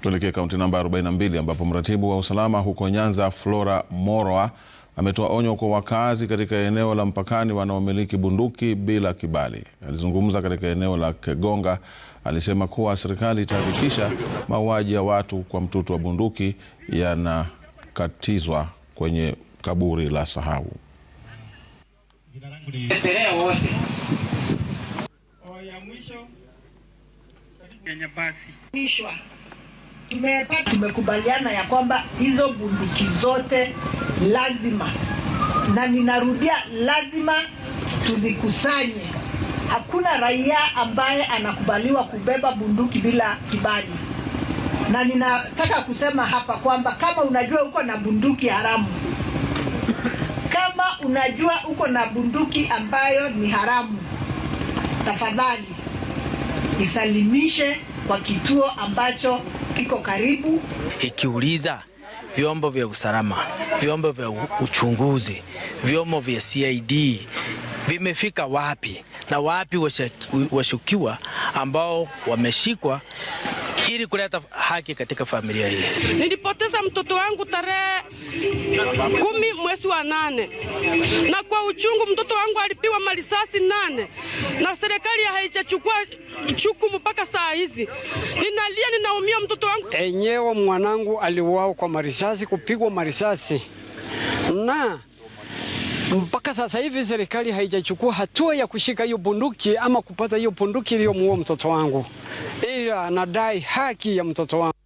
Tuelekee kaunti namba 42 ambapo mratibu wa usalama huko Nyanza, Flora Moroa, ametoa onyo kwa wakazi katika eneo la mpakani wanaomiliki bunduki bila kibali. Alizungumza katika eneo la Kegonga, alisema kuwa serikali itahakikisha mauaji ya watu kwa mtutu wa bunduki yanakatizwa kwenye kaburi la sahau tumepata tumekubaliana ya kwamba hizo bunduki zote lazima, na ninarudia, lazima tuzikusanye. Hakuna raia ambaye anakubaliwa kubeba bunduki bila kibali, na ninataka kusema hapa kwamba kama unajua uko na bunduki haramu, kama unajua uko na bunduki ambayo ni haramu, tafadhali isalimishe kwa kituo ambacho kiko karibu, ikiuliza vyombo vya usalama, vyombo vya uchunguzi, vyombo vya CID vimefika wapi na wapi washukiwa ambao wameshikwa ili kuleta haki katika familia hii. Nilipoteza mtoto wangu tarehe kumi mwezi wa nane, na kwa uchungu mtoto wangu alipiwa marisasi nane na serikali haijachukua chukumu mpaka saa hizi. Ninalia, ninaumia mtoto wangu enyewe. Mwanangu aliuawa kwa marisasi, kupigwa marisasi na mpaka sasa hivi serikali haijachukua hatua ya kushika hiyo bunduki ama kupata hiyo bunduki iliyomuua mtoto wangu pia anadai haki ya mtoto wangu.